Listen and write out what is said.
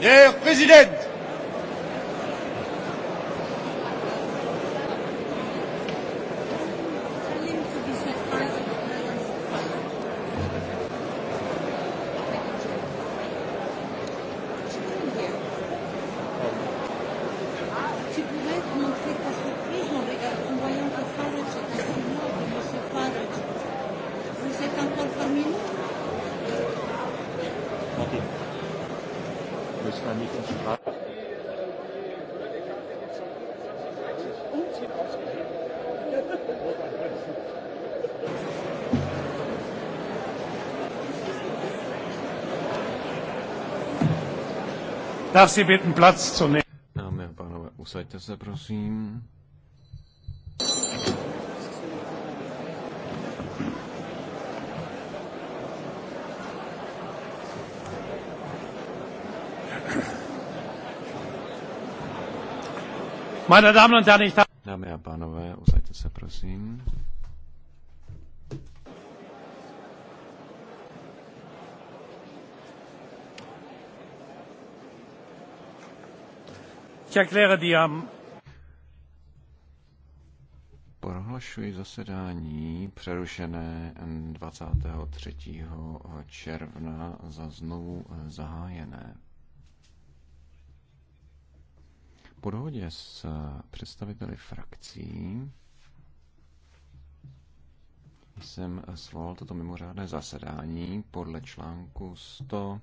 Herr Präsident! müssen wir nicht ins Darf Sie bitten, Platz zu nehmen. Dámy a pánové, usaďte se, prosím. Dámy a pánové, usaďte se, prosím. Prohlašuji zasedání přerušené 23. června za znovu zahájené. Po dohodě s eh, představiteli frakcí jsem svolal toto mimořádné zasedání podle článku 100